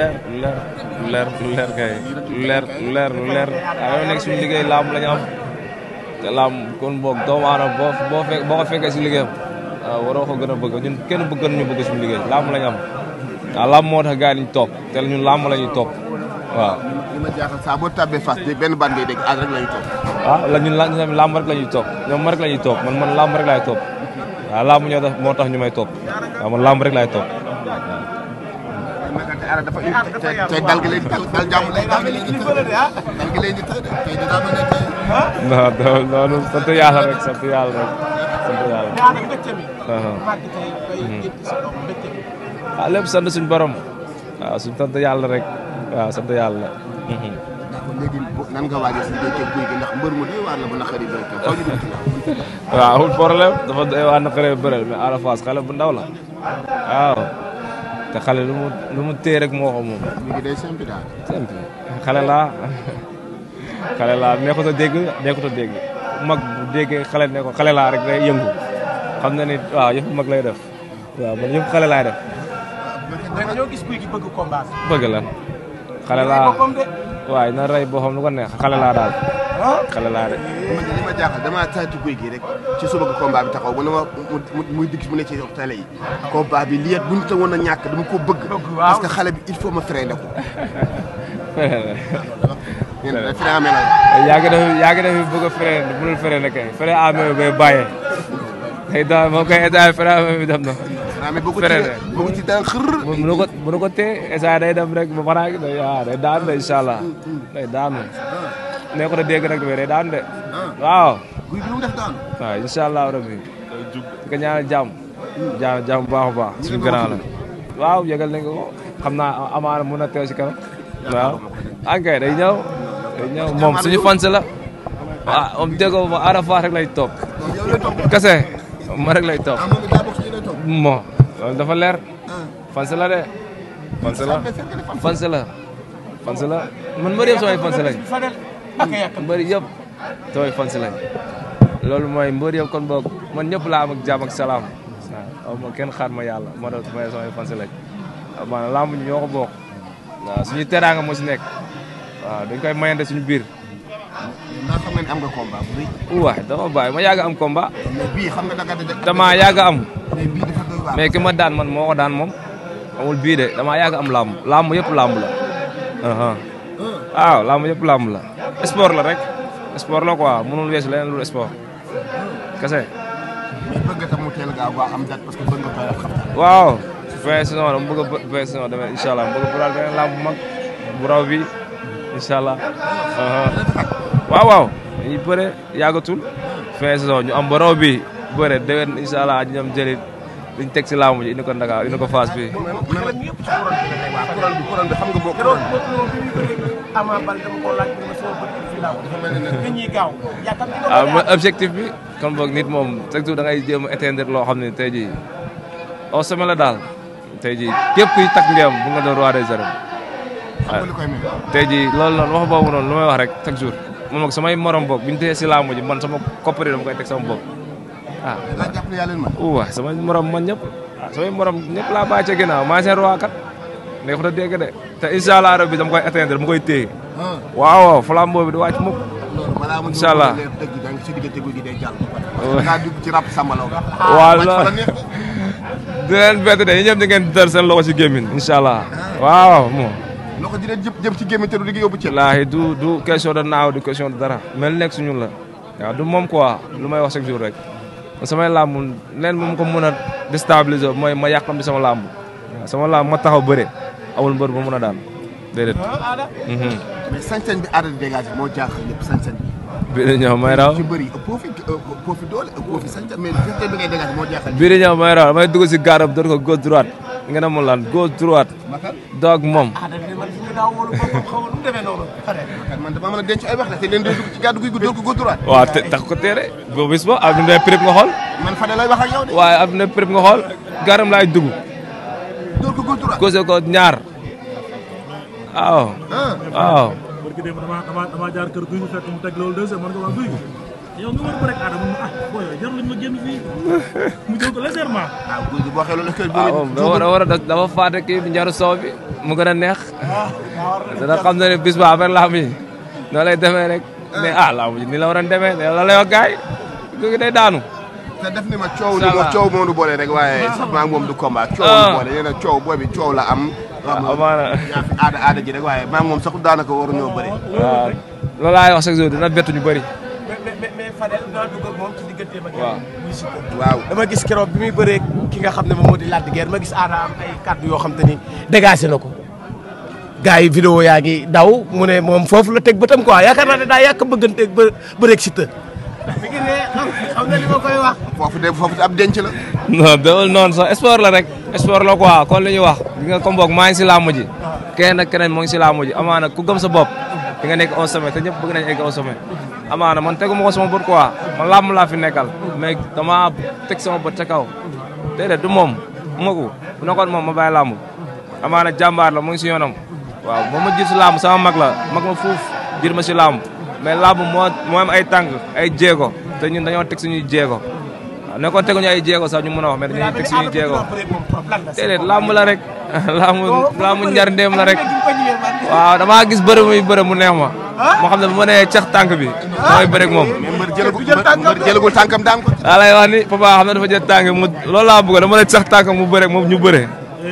leer lu leer lu leer lu leer kay lu leer lu leer lu leer waaw yow nekk suñu liggéey laam la ñu am te laam kon boog doomu aadama boo boo fekk boo ko fekkee si liggéeyam waaw waroo ko gën a bëgg ñun kenn bëggoon ñu bëgg suñu liggéey laam la ñu am waaw laam moo tax gars yi ñu topp te ñun laam la ñuy topp waaw. li ma jaaxal saa boo tabbee fas dégg benn bande dégg aad rek la ñuy topp. ah la ñun laam rek la ñuy topp ñoom rek la ñuy topp man man laam rek laay topp waaw laam ñoo tax moo tax ñu may topp waaw man laam rek laay topp. aada dafa tey dal gi lay dal dal jàmm lay dal gi lay ñu tëdd dal gi lay ñu ah. tëdd tey dina mel ne tey. Ah. non loolu sant yàlla rek sant yàlla rek sant yàlla. waaw ah, hmm. lépp sant suñu borom waaw suñu sant yàlla rek waaw sant yàlla. Hmm, hmm. léegi nan nga waajal si béykat guy gi ndax mbër mu doy waar la bu naqari bëri ka foo ñu dugg ci waaw amul problème dafa doy waar naqari bëri mais Ada Fass xale bu ndaw la waaw. te xale lu mu lu mu téye rek moo ko moom. ñu ngi day laa xale laa nekkut a dégg nekkut a dégg mag bu déggee xale ne ko xale laa rek day yëngu xam na ni waaw yëpp mag lay def waaw man yëpp xale laay def. dinañoo gis kuy la xale laa. waaye na rey boo xam lu ko neex xale laa daal. Ah? xale laa de. gi rek ci suba ko combat bi taxaw mu ne mu muy digg mu ne ci télé yi. combat bi lii it bu ñu ta woon a ñàkk dama ko bëgg. parce que bi il faut ma freiné ko. yéen a freiné amee la. yaa ngi def yaa ngi def bëgg ah. daal moom mais boo ko téye boo ko ci daan ba maraay ah, day daanu de incha allah mm, mm, mm. daanu ah, ah. nekkul a dégg rek mais day daanu de. waaw. guy bi rabbi. di ko ñaanal jàmm. jàmm jàmm bu baax a baax. suñu ko xam naa amaana mun na teew si kanam. waaw ankay day ñëw. day ñëw moom suñu fans la. ah om lay topp. kese ma rek lay topp. mo loolu dafa leer. Ah. fans la de. fans la man mbëri yëpp samay fans lañ. mbëri yëpp samay fans lañ. loolu mooy mbëri yëpp kon boog man ñëpp laa am ak jàmm ak salaam. waaw ah. ma kenn xaar ma yàlla ma doon may samay fans lañ. waaw maanaam làmb ñu ñoo ko ah, suñu teraanga moo si nekk. waaw dañ koy mayante suñu biir. naa xam nga ne am nga combat am combat. mais bii xam am. mais ki ma daan man moo ko daan moom amul bii de damaa yàgg am làmb làmb yëpp làmb la. waaw làmb yëpp làmb la sport la rek sport la quoi mënul weesu leneen lu sport kese. mais bëgg nga tam mu teel gaaw ba am date parce que bëgg nga koy def xam waaw fin saison dama bëgg a fin saison demee bi am ba raw liñ teg si laamu ji indi ko Ndakaar indi ko Fass fii. waaw ah, mooy objectif bi. kon boog nit moom chaque jour da ngay jéem a éteindre loo xam ne tey jii au sommet la daal tey jii képp kuy takk ngeem bu nga doon roi des arènes. waaw ah, tey jii loolu noonu wax boobu noonu lu may wax rek chaque jour moom ak samay morom boog bu ñu teye si laamu ji man sama coppite dama koy teg sama bopp. ah daa jàpp ne yaa leen sama morom man ñëpp ah ñëpp laa bàyyi ca ginnaaw maa seen roi kat neexut a dégg de te incha allah rabbi dama koy mu koy téye. Ah. waaw waaw flambeau bi du wàcc mukk. incha allah ah, wala di leen bett de ñëpp di ngeen seen loxo si gémmiñ incha allah ah. waaw moom. di leen jëm jëm ci gémmiñ te du di yóbbu ci. wallaahi du du question de naaw du question de dara. mel nekk ñun la waaw du moom quoi lu may wax chaque jour rek. samay làmb leen mu ko mën a déstabiliser mooy ma yàqam di sama làmb sama làmb ma taxaw bëre amul mbër bu mën a daan déedéet. Mhm. mais sañ-sañ bi aada di dégager moo jaaxal ñëpp sañ-sañ bi. bii di ñëw may raw. bii di ñëw may raw damay si garab dootu ko gauche droite nga ne ma lan gauche droite. doog moom. ah a denc ay wax te leen dugg ci gàddu gi dóor ko gauche droite. waaw boo bis ba adduna prép nga xool. man Fadel lay garam laay dugg. dóor ko ñaar waaw. Ah. waaw. yow nga war ko rek Adama ah booy yow jarul ma génn fii mu jël ko légèrement. waaw góor gi boo xeloo la kër gi. waaw moom da war a dafa fàtte kii njaru soow bi mu gën a neex. dana xam ne bis ba affaire laamu yi noo lay demee rek. ne ah laamu ji ni la war a demee ne la lay wax gars yi góor gi day daanu. te def ni ma coow ni ma coow moo du boole rek waaye sax maa ngi moom du combat ah. coow du boole nee na coow boobi coow la am. Ah, waaw amaana aada aada ji rek waaye maa ngi moom sax daanaka waruñoo bëri. waaw ah. loolu laay wax chaque jour dina bettu ñu bëri. Fadel daa waaw dama gis keroog bi muy bëree ki nga xam ne moom moo di Lac de Guiers ma gis aada am ay kàddu yoo xam te ni dégagé na ko gars yi vidéo yaa ngi daw mu ne moom foofu la teg bëtam quoi yaakaar naa daa yàq bëgganteeg ba bëreeg si na li ma koy wax foofu de foofu ab denc la non dawal noonu sax la rek sport la quoi kon li ñuy wax di nga ko mboog maa ngi si làmb ji ah. keneen ak keneen moo ngi si làmb ji amaana ku gëm sa bopp di nga nekk au sommet te ñëpp bëgg nañ egg au amaana man teguma ko sama bët quoi man làmb laa fi nekkal mais dama teg sama bët ca kaw déedéet du moom magu bu nekkoon moom ma bàyyi amaana jàmbaar la mu ngi si yoonam waaw moom ma jir si làmb sama mag la mag ma fuuf jir ma si làmb mais làmb moo moo ay tànk ay jéego te ñun dañoo teg suñuy jéego waaw nekkoon teguñu ay jéego sax ñu mën a wax mais jéego làmb la rek làmb làmb njar la rek waaw damaa gis bërë muy bërë mu neex ma moo xam ne bu ma nee cax tànk bi damay moom. mbër jëlagul tànkam daan ko. daa lay wax ni papa xam ne dafa jël tànk mu loolu laa bëgg dama ne cax tànkam mu bëri ak moom ñu bëre.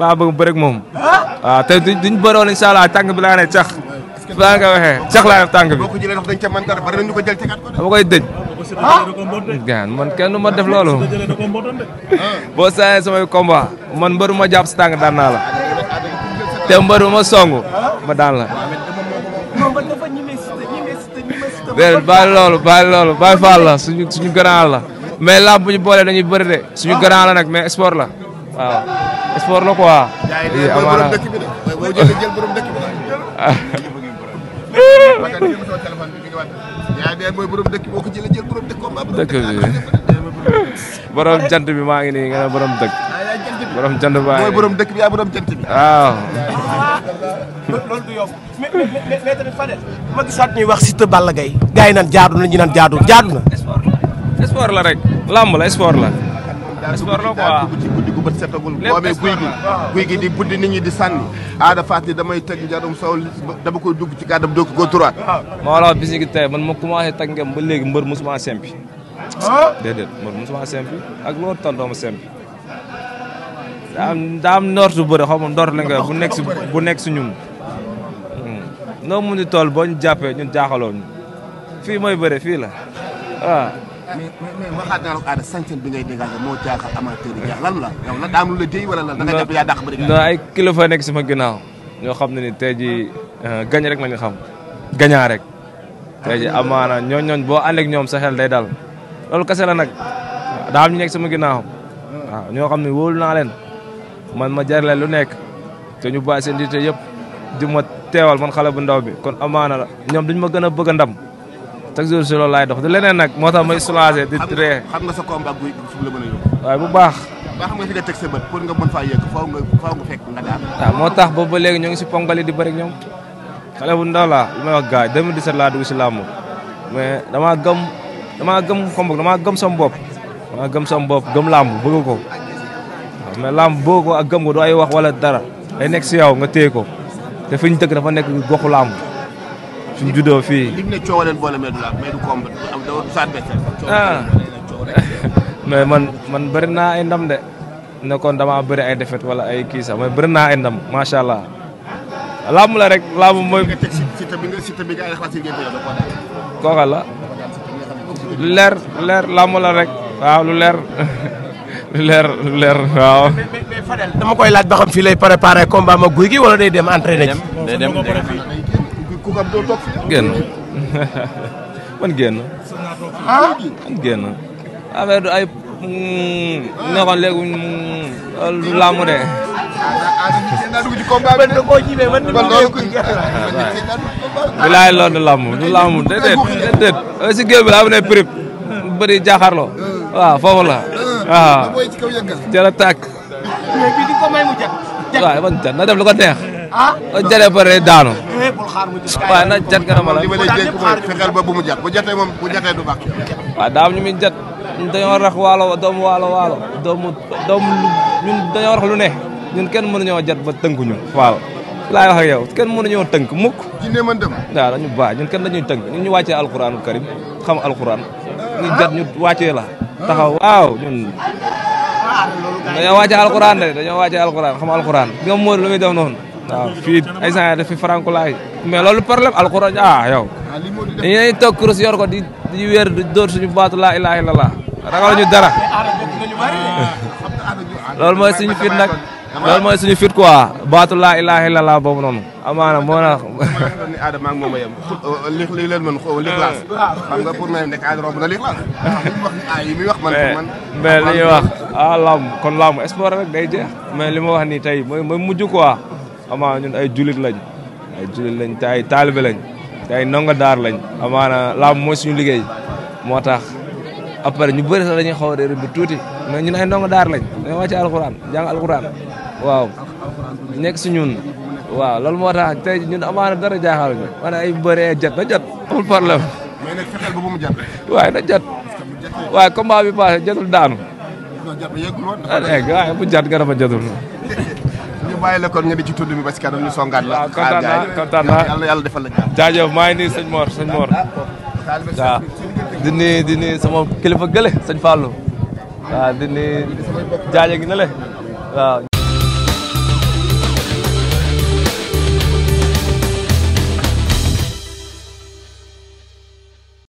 laa bëgg bëri ak moom. waaw te duñ bëroon incha allah tànk bi laa ne cax. laa nga waxee cax laa def tànk bi. dama koy dëj. gaan man kenn du ma def loolu. boo sañee samay combat man mbër ma jàpp si tànk daan naa la. te mbër ma song ma daan la. déedéet bàyyi loolu bàyyi loolu bàyyi faal la suñu suñu grand la mais làmb bu ñu boolee dañuy bëri suñu grand la nag mais sport la waaw sport la quoi. lii borom jant bi maa ngi nii nga ne borom dëkk. jant bi mooy borom dëkk bi yaa jant bi. waaw. loolu du yomb mais mais mais tamit Fadel ma gisaat ñuy wax Siteu na ñu naan jaadu na. sport la rek. lamb ci guddi gu bët setagul. boo di buddi nit ñi di damay teg jarum sow dama koy dugg ci kàddam doo ko góor man ma commencé teg ngem ba léegi mbër mosuma sempi. Ah. déedéet man mosuma ak loolu tontoo ma simple. daa am daa am ndort bu bëri xaw ma ndort la nga bu nekk si bu nekk si ñun. Hmm. no mun di tool boo ñu jàppee ñu jaaxaloo ñu fii mooy bëre fii la waaw. Ah. mais mais waxaat naa la ko aada sanction bi ngay nekk sama ginnaaw ñoo xam ne ni tey jii euh, gañ rek la ñu xam gañaa rek. tey jii amaana ñooñu ñooñu boo ñoom sa day dal. loolu kese la nag daa am ñu nekk sama ginnaaw waaw ñoo xam ne wóolu naa leen man ma jarle lu nekk te ñu bàyyi seen dité yëpp di ma teewal man xale bu ndaw bi kon amaana la ñoom duñ ma gën a bëgg a ndam chaque jour si loolu laay di leneen nag moo tax may soulager di ree xam nga sa combat la mën a yóbbu waaye bu baax ba xam nga sa bët pour nga mën faa yëg faaw nga faaw nga fekk moo tax boobu ba léegi ñoo ngi si pongali di bëri ñoom xale bu ndaw laa li may wax gars 2017 laa dugg si làmb dama gëm damaa gëm comme ma gëm sama bopp damaa gëm sama gëm làmb bëgg ko waaw mais làmb bëgg ko ak gëm ko du ay wax wala dara ay nekk si yow nga téye ko te fi ñu dëkk dafa nekk goxu làmb suñ juddoo fii. li ah. mais man man bëri naa ay ndam de ne kon damaa bari ay défaite wala ay kii sax mais bëri naa ay ndam macha allah làmb la rek làmb mooy. kooka la. lu leer lu leer lu leer lu leer lu leer koy laaj ba xam fii lay préparé combat ma guy gi wala day dem entraîné ji. day dem day dem ah? du ay. ñoo mm, xam léegi du mm, de. ah dugg ci combat bi de koo ñibee man loolu du lamb du lamb déedéet laa ne prip bëri jaaxarloo waaw foofu la waaw jërë tàkk. mais bii di ko may mu jag. jag waaw man jag ah? ba eh, daam ñu jat dañoo rax waalo doomu waalo waalo doomu doomu ñun dañoo lu ne. ñun kenn mënuñoo jat ba tënkuñu waaw laay wax ak yow kenn mënuñoo tënk mukk jinne mën dem waaw dañu baax ñun kenn dañuy tënk ñun ñu wàccee alquraan karim xam alquraan ñu jat ñu wàccee la taxaw waaw ñun dañoo wàccee alquraan de dañoo wàccee alquraan xam alquraan nga Modou lu muy def noonu waaw fii ay sant daf fi franco laay mais loolu problème alquraan ah yow ah, dañu neñ toog kurus yor ko di di wéer di dóor suñu baatu laa ilaaha illallah ragal ñu dara loolu mooy suñu fit nag loolu mooy suñu fit quoi baatu laa ilaaha illallaah boobu noonu. amaana moo na. ni Adama ak eh, moom a yem. li li leen ma nekk Adama romb na li classe. wax ni ay yi muy wax man. man kon lamb sport rek day jeex. li ma wax nii tey mooy ma mujj quoi. amaana ñun ay julit lañ ay julit lañ te ay taalibe lañ ndongo daar lañ. amaana lamb mooy suñu liggéey moo tax. après ñu bëri sax dañuy xaw a réer bi tuuti mais ñun ay ndongo daar lañ dañoo wàcc alxuraan jàng alxuraan. waaw nekk si ñun waaw loolu moo tax ñun amaana dara jaaxal ñu wane ay bëree jot na jot amul problème. mais nag fexeel ba waaye na jot. waaye daanu. non jot yeggul woon. Ah, waaye bu jot gën a fa jotul. ñu bàyyi la kon nga di ci tudd mi ba si kanam ñu songaat la. waaw kontaan yàlla yàlla defal la. maa ngi nii sëñ Mor sëñ Mor. sama kilifa gële sëñ Fallou. waaw di nuyu le